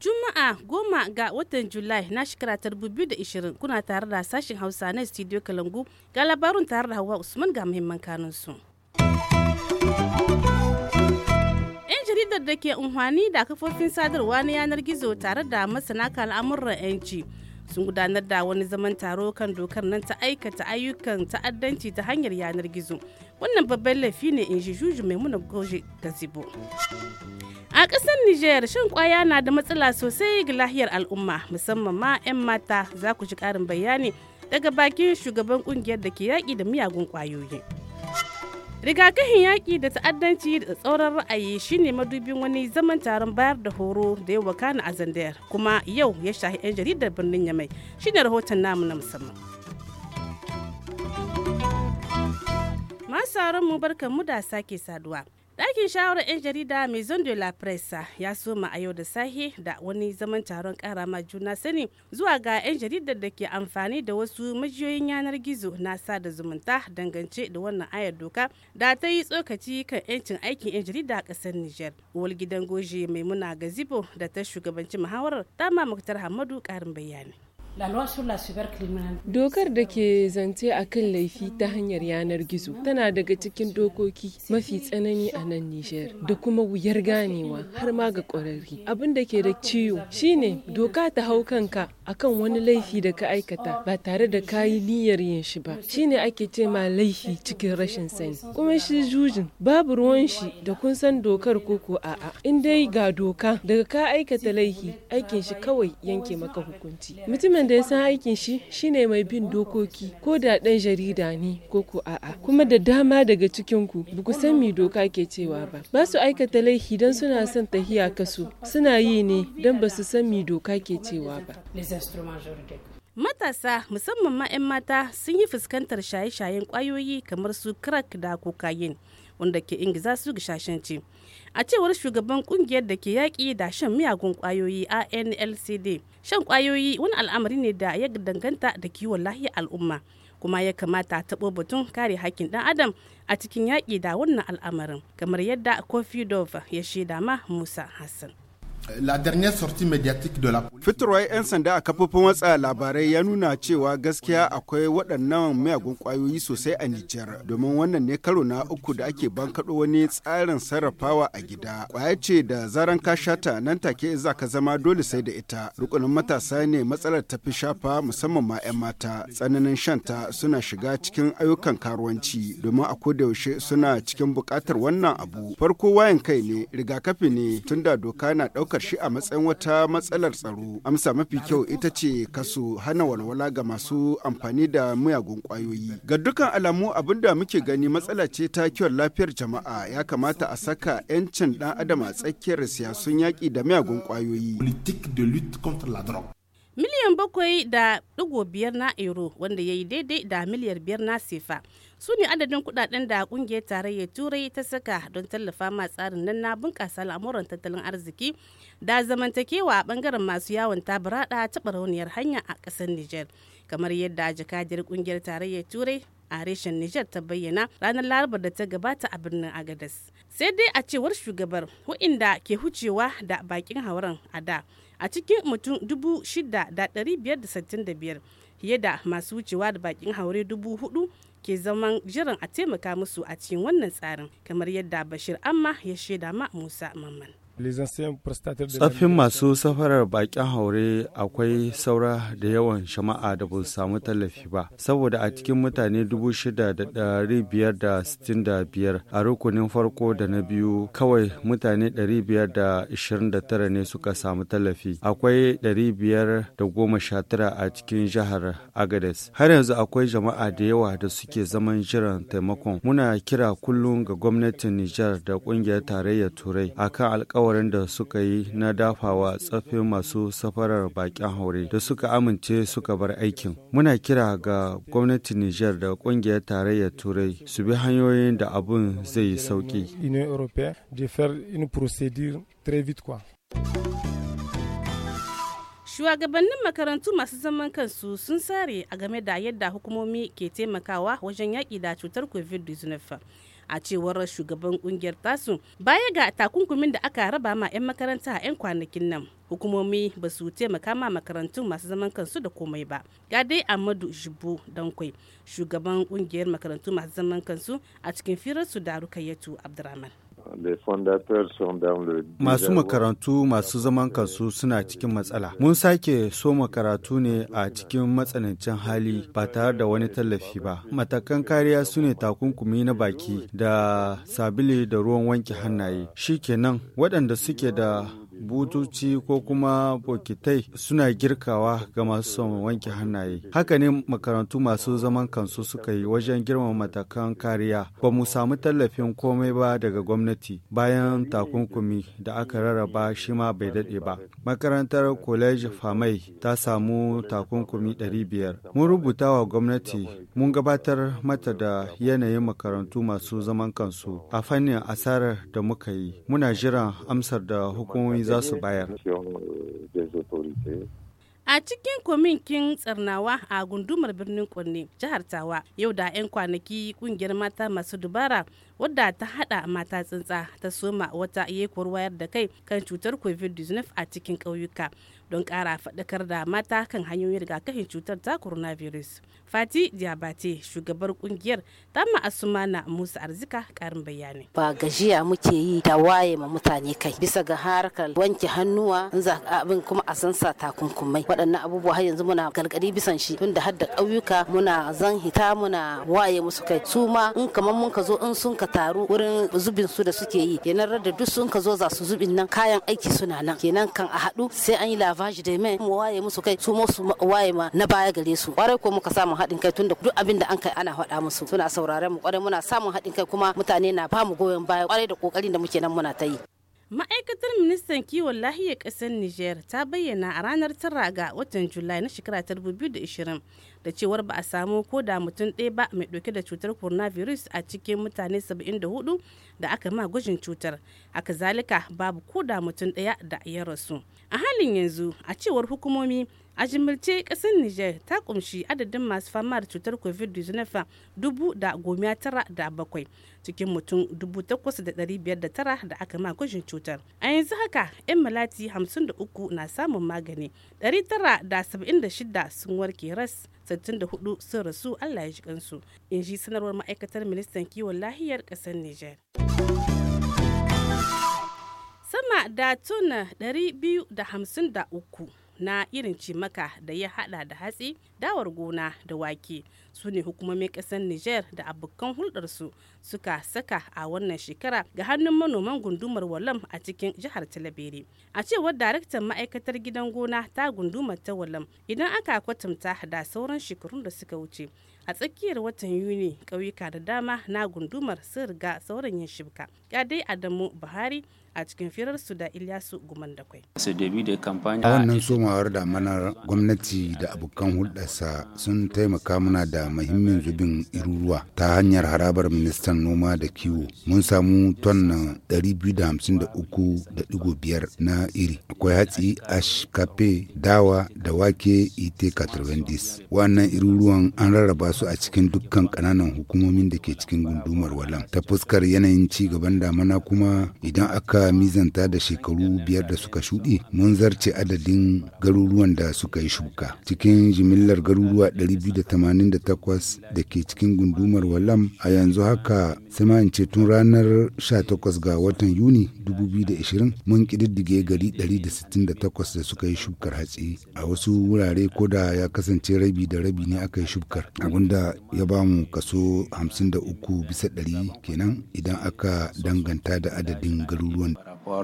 Juma'a goma ga watan Julai na shekara ta 2020 kuna tare da sashen Hausa na studio Kalangu ga labarun tare da Hawa Usman ga muhimman kanunsu. jaridar da ke unhwani da kafofin sadarwa na yanar gizo tare da masana al'amuran 'yanci sun gudanar da wani zaman taro kan dokar nan ta aikata ayyukan ta'addanci ta hanyar yanar gizo wannan babban laifi ne in ji juju muna goje gazibo a ƙasar niger shan kwaya na da matsala sosai ga lahiyar al'umma musamman ma 'yan mata za ku ji ƙarin bayani daga bakin shugaban kungiyar da ke yaƙi da miyagun ƙwayoyi. rigakafin yaƙi da ta'addanci da tsauran ra'ayi shine madubin wani zaman taron bayar da horo da ya wakana a zandayar kuma yau ya shahi 'yan jaridar birnin yamai shine rahoton namu na musamman masu mu barkan mu da sake saduwa ɗakin shawarar 'yan jarida mai zondo la presa ya soma a yau da sahi da wani zaman taron ƙara ma juna sani zuwa ga 'yan jaridar da ke amfani da wasu majiyoyin yanar gizo na sada zumunta dangance da wannan ayar doka da ta yi tsokaci kan 'yancin aikin 'yan jarida a ƙasar nijar uwar gidan goje maimuna gazibo da ta shugabanci muhawarar tama muktar hamadu ƙarin bayani Dokar da ke zance a kan laifi ta hanyar yanar gizo tana daga cikin dokoki mafi tsanani a nan Nijar da kuma wuyar ganewa har ma ga ƙwararri. Abin da ke da ciwo shine doka ta hau kanka akan wani laifi da ka aikata ba tare da ka yi niyyar yin shi ba shine ake ce ma laifi cikin rashin sani kuma shi jujin babu ruwan shi da kun san dokar koko ko'a'a in dai ga doka daga ka aikata laifi aikin shi kawai yanke maka hukunci mutumin da ya san aikin shi shine mai bin dokoki ko da dan jarida ne koko ko'a'a kuma da dama daga cikin ku ba ku san me doka ke cewa ba ba su aikata laifi dan suna son tahiya kasu suna yi ne dan ba su san me doka ke cewa ba Matasa musamman ma 'yan mata sun yi fuskantar shaye-shayen kwayoyi kamar su crack da kokayin wanda ke ingiza su gishashenci. A cewar shugaban kungiyar da ke yaƙi da shan miyagun kwayoyi ANLCD, shan kwayoyi wani al'amari ne da ya danganta da kiwon lahiyar al'umma kuma ya kamata a taɓo batun kare hakkin ɗan adam a cikin yaƙi da wannan al'amarin kamar yadda Kofi ya shaida ma Musa Hassan. Fitarwar 'yan sanda a kafofin watsa labarai ya nuna cewa gaskiya akwai waɗannan miyagun ƙwayoyi sosai a Nijar domin wannan ne karo na uku da ake bankaɗo wani tsarin sarrafawa a gida. Ƙwaya ce da zaran ka shata nan take za ka zama dole sai da ita. Rukunin matasa ne matsalar ta fi shafa musamman ma 'yan mata. Tsananin shanta suna shiga cikin ayyukan karuwanci domin a yaushe suna cikin buƙatar wannan abu. Farko wayan kai ne rigakafi ne tunda doka na ɗaukar ɗaukar a matsayin wata matsalar tsaro amsa mafi kyau ita ce kasu hana walwala ga masu amfani da miyagun ƙwayoyi ga dukkan alamu abin da muke gani matsala ce ta kiwon lafiyar jama'a ya kamata a saka 'yancin ɗan adam a tsakiyar siyasun yaƙi da miyagun ƙwayoyi miliyan bakwai da digo biyar na euro wanda ya yi daidai da miliyar biyar na sefa su ne adadin kudaden da kungiyar tarayyar turai ta saka don tallafa ma tsarin nan na bunƙasa al'amuran tattalin arziki da zamantakewa a bangaren masu yawon tabarada ta barauniyar hanya a ƙasar niger kamar yadda jakadiyar kungiyar tarayyar turai a reshen Nijar ta bayyana ranar Larabar da ta gabata a birnin Agadas. Sai dai a cewar shugabar, wa'inda ke hucewa da bakin hauren a da a cikin mutum 6,565 fiye da masu wucewa da bakin haure 4,000 ke zama jiran a taimaka musu a cikin wannan tsarin kamar yadda bashir amma ya shaida ma musa mamman tsaffin masu safarar bakin haure akwai saura da yawan shama'a da ba samu tallafi ba saboda a cikin mutane 6,565 a rukunin farko da na biyu kawai mutane 529 ne suka samu tallafi akwai 519 a cikin jihar agades har yanzu akwai jama'a da yawa da suke zaman jiran taimakon muna kira kullum ga gwamnatin nijar da kungiyar tarayyar turai akan alkawar alkawarin da suka yi na dafawa tsafe masu safarar bakin haure da suka amince suka bar aikin. Muna kira ga gwamnatin niger da kungiyar tarayyar Turai su bi hanyoyin da abun zai yi sauki. shugabannin makarantu masu zaman kansu sun sare a game da yadda hukumomi ke taimakawa wajen yaƙi da cutar covid-19 a cewar shugaban kungiyar tasu baya ga takunkumin da aka raba ma 'yan makaranta a 'yan kwanakin nan hukumomi ba su taimaka ma makarantun masu zaman kansu da komai ba ga dai amadu jibo dankwai shugaban kungiyar makarantu masu zaman kansu a cikin firar su da rukayyatu abdurrahman Masu makarantu masu zaman kansu suna cikin matsala. Mun sake so makaratu ne a cikin matsanancin hali ba tare da wani tallafi ba. Matakan kariya su ne takunkumi na baki da sabili da ruwan wanke hannaye. Shi kenan waɗanda suke da butuci ko kuma bokitai suna girkawa ga masu son wanke hannaye haka ne makarantu masu zaman kansu suka yi wajen girmama matakan kariya ba mu samu tallafin komai ba daga gwamnati bayan takunkumi da aka rarraba shi ma bai daɗe ba makarantar college famai ta samu takunkumi 500 mun rubuta wa gwamnati mun gabatar mata da yanayin makarantu masu zaman kansu a fannin asarar da muka yi muna jiran amsar da hukumomi za su bayar. Eh, a cikin kominkin tsarnawa a gundumar birnin kunne jihar tawa yau da 'yan kwanaki kungiyar mata masu dubara wadda ta hada mata tsintsa ta soma wata iya wayar da kai kan cutar covid-19 a cikin ƙauyuka don kara faɗakar da mata kan hanyoyin rigakafin cutar ta coronavirus. Fati Diabate shugabar kungiyar ta asuma na Musa Arzika karin bayani. Ba gajiya muke yi da waye ma mutane kai bisa ga harkar wanke hannuwa in za abin kuma a san sa takunkumai waɗannan abubuwa har yanzu muna galgadi bisan shi tun da hadda ƙauyuka muna zan hita muna waye musu kai su ma in kamar mun ka zo in sun ka taru wurin zubin su da suke yi kenan da duk sun ka zo za su zubin nan kayan aiki suna nan kenan kan a haɗu sai an yi labarai bashi da mai mu waye musu kai su su waye ma na baya gare su kwarai ko muka samu haɗin kai tunda duk abin da an kai ana faɗa musu suna sauraron mu kwarai muna samun haɗin kai kuma mutane na ba mu goyon baya kwarai da kokarin da muke nan muna ta yi ma'aikatar ministan kiwon lahiyar ƙasar niger ta bayyana a ranar tara ga watan julai na shekara 2020 da cewar ba a samu ko da mutum ɗaya ba mai ɗauke da cutar coronavirus a cikin mutane 74 da aka ma gwajin cutar haka zalika babu ko da mutum ɗaya da ya rasu a halin yanzu a cewar hukumomi a jimirce kasar niger ta kumshi adadin masu fama da cutar covid-19 dubu da tara da bakwai cikin mutum dubu takwas da dari biyar da tara da aka ma gwajin cutar a yanzu haka yan malati hamsin da uku na samun magani dari tara da da shida sun warke ras 64 da hudu sun rasu allah ya jikansu in ji sanarwar ma'aikatar ministan kiwon lahiyar kasar niger sama da tuna 253 na irin cimaka da ya hada da hatsi dawar gona da wake su ne hukumomin kasar niger da abokan hulɗarsu suka saka a wannan shekara ga hannun manoman gundumar walam a cikin jihar talabere a cewar daraktan ma'aikatar gidan gona ta gundumar ta walam idan aka kwatanta da sauran shekarun da suka wuce a tsakiyar watan yuni ƙauyuka da dama na gundumar sun riga sauran yin shibka ya dai adamu buhari a cikin firarsu da Ilyasu Guman da kwai. A wannan somawar da manar gwamnati da abokan hulɗarsa sun taimaka mana da muhimmin zubin iruruwa ta hanyar harabar ministan noma da kiwo. Mun samu tonna 253.5 na iri. Akwai hatsi ash kafe dawa da wake ite katarwendis. Wannan iruruwan an rarraba su a cikin dukkan ƙananan hukumomin da ke cikin gundumar walam Ta fuskar yanayin ci gaban damana kuma idan aka mizanta da shekaru biyar da suka shuɗe mun zarce adadin garuruwan da suka yi shuka cikin jimillar garuruwa 288 da ke cikin gundumar walam a yanzu haka sama ce tun ranar 18 ga watan yuni 2020 mun ƙididdige gari 168 da suka yi shukar hatsi a wasu wurare ko da ya kasance rabi da rabi ne aka yi shukar abinda ya ba mu kaso 53 bisa 100 kenan idan aka danganta da adadin garuruwan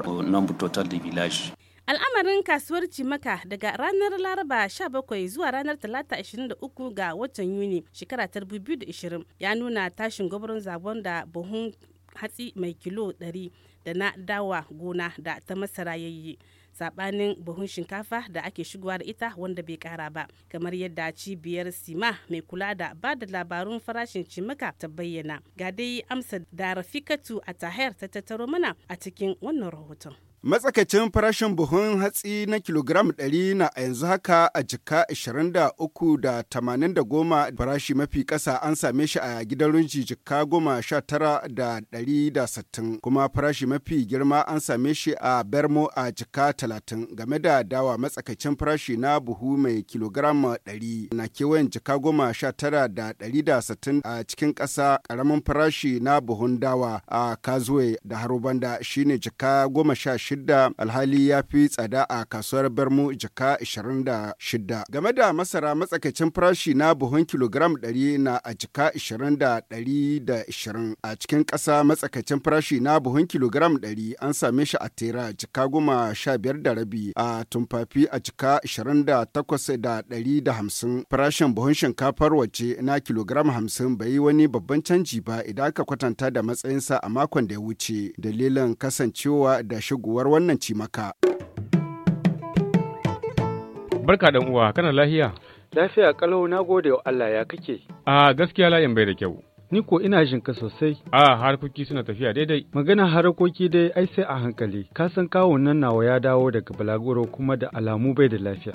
for number total the village al'amarin kasuwar cimaka daga ranar laraba 17 zuwa ranar talata 23 ga watan yuni shekara ta 2020 ya nuna tashin gwabarin zabon da buhun hatsi mai kilo 100 da na dawa gona da ta masara yayi. sabanin buhun shinkafa da ake shigowa da ita wanda bai kara ba kamar yadda cibiyar sima mai kula da ba da labarun farashin cimaka ta bayyana ga dai amsa da rafikatu a tahir ta tattaro mana a cikin wannan rahoton Matsakaicin farashin buhun hatsi na kilogram 100 na a yanzu haka a jika 23.80 da da goma farashi mafi ƙasa an same shi a gidan runji jika goma sha tara da ɗari da sittin kuma farashi mafi girma an same shi a bermo a jika talatin game da dawa matsakaicin farashi na buhu mai kilogram 100 na kewayen jika goma sha tara da ɗari da sittin a cikin ƙasa ƙaramin farashi na buhun dawa a kazuwe da harubanda shine jika 16 sha shida alhali ya fi tsada a kasuwar Bermu jaka 26. Game da masara matsakaicin farashi na buhun kilogram 100 na a jika 20 120 a cikin ƙasa matsakaicin farashi na buhun kilogram 100 an same shi a tera jika goma sha biyar da a tumfafi a jika 28 da 150 farashin buhun shinkafar waje na kilogram 50 bai yi wani babban canji ba idan aka kwatanta da matsayinsa a makon da ya wuce dalilin kasancewa da shigowar faruwar wannan cimaka. Barka dan uwa, kana lafiya? Lafiya kalau na gode wa Allah ya kake. A gaskiya layin bai da kyau. Ni ko ina jin ka sosai. A harkoki suna tafiya daidai. Magana harkoki dai ai sai a hankali. Ka san kawo nan nawa ya dawo daga balagoro kuma da alamu bai da lafiya.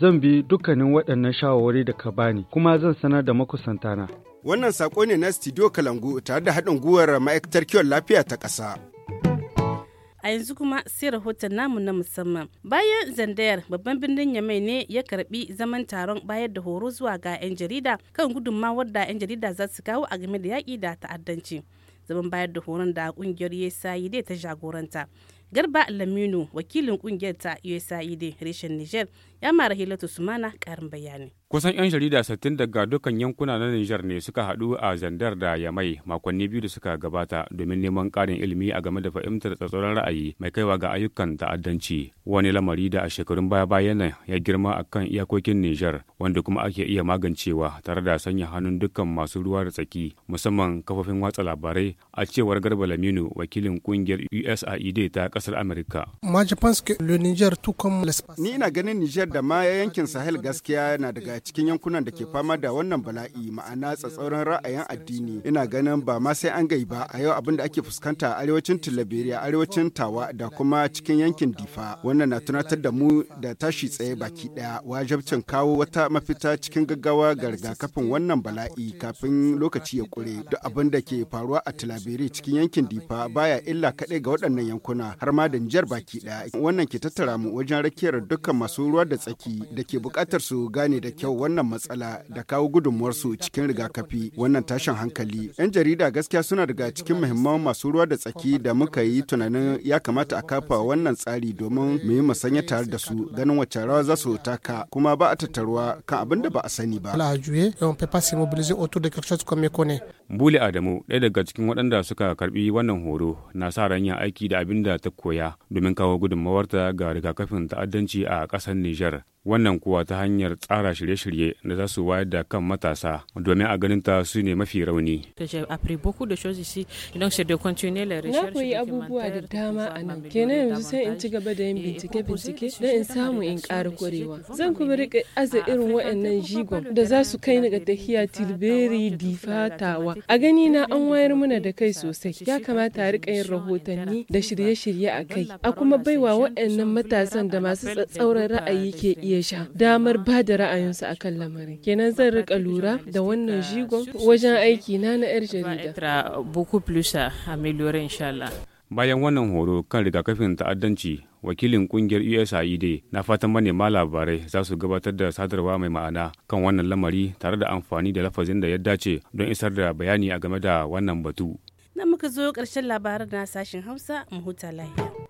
zan bi dukkanin waɗannan shawarwari da ka bani kuma zan sanar da makusantana. Wannan saƙo ne na Studio Kalangu tare da haɗin gwiwar ma'aikatar kiwon lafiya ta ƙasa. a yanzu kuma sai rahoton namu na musamman bayan zandayar babban birnin yamai ne ya karbi zaman taron bayar da horo zuwa ga 'yan jarida kan gudunmawar da 'yan jarida za su kawo a game da yaƙi da ta'addanci zaman bayar da horon da ƙungiyar usaid ta jagoranta garba laminu wakilin ƙungiyar ta usaid reshen niger ya mara hilatu mana karin bayani kusan 'yan jarida 60 daga dukkan yankuna na Nijar ne suka haɗu a zandar da yamai makonni biyu da suka gabata domin neman karin ilimi a game da fahimtar tsatsauran ra'ayi mai kaiwa ga ayyukan ta'addanci wani lamari da a shekarun baya bayan nan ya girma a kan iyakokin Nijar wanda kuma ake iya magancewa tare da sanya hannun dukkan masu ruwa da tsaki musamman kafofin watsa labarai a cewar Garba Laminu wakilin kungiyar USAID ta kasar Amurka. Ni ina ganin Nijar da ma yankin Sahel gaskiya na daga cikin yankunan da ke fama da wannan bala'i ma'ana tsatsauran ra'ayin addini. Ina ganin ba ma sai an gai ba a yau abin da ake fuskanta arewacin Tilaberiya, arewacin Tawa da kuma cikin yankin Difa. Wannan na tunatar da mu da tashi tsaye baki daya wajabcin kawo wata mafita cikin gaggawa ga rigakafin wannan bala'i kafin lokaci ya kure. Duk abin da ke faruwa a Tilaberi cikin yankin Difa baya illa kaɗai ga waɗannan yankuna har ma da Nijar baki daya. Wannan ke tattara mu wajen rakiyar dukkan masu ruwa da tsaki da ke bukatar su gane da kyau wannan matsala da kawo gudunmuwarsu cikin rigakafi wannan tashin hankali. 'Yan jarida gaskiya suna daga cikin muhimman masu ruwa da tsaki da muka yi tunanin ya kamata a kafa wannan tsari domin mu yi musanya tare da su ganin wacce rawa za su taka kuma ba a tattarwa kan abin da ba a sani ba. Buli Adamu, ɗaya daga cikin waɗanda suka karɓi wannan horo, na sa ranya aiki da abin da ta koya domin kawo gudunmawarta ga rigakafin ta'addanci a ƙasar Nijar. wannan kuwa ta hanyar tsara shirye-shirye da za su wayar da kan matasa domin a ganin ta su ne mafi rauni. Na koyi abubuwa da dama a nan, kenan yanzu sai in ci gaba da yin bincike-bincike don in samu in ƙara ƙwarewa. Zan kuma riƙa aza ah, irin waɗannan jigon da za su kai ni ga tahiya tilberi difatawa. A gani na an wayar mana da kai sosai, ya kamata a riƙa yin rahotanni da shirye-shirye a kai, a kuma baiwa waɗannan matasan da masu tsatsauran ra'ayi ke iya sha damar ba da ra'ayinsu a kan lamarin kenan zan rika lura da wannan jigon wajen aiki na na yar jarida bayan wannan horo kan rigakafin ta'addanci wakilin kungiyar usaid na fatan manema labarai za su gabatar da sadarwa mai ma'ana kan wannan lamari tare da amfani da lafazin da ya dace don isar da bayani a game da wannan batu na muka zo karshen labarai na sashen hausa mu lahiya